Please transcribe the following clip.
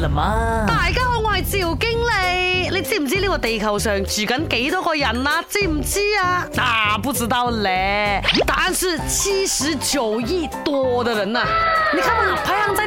大家好，我係趙經理。你知唔知呢個地球上住緊幾多個人啊？知唔知啊？啊，不知道咧。答案是七十九億多嘅人啊！你看嘛，排行在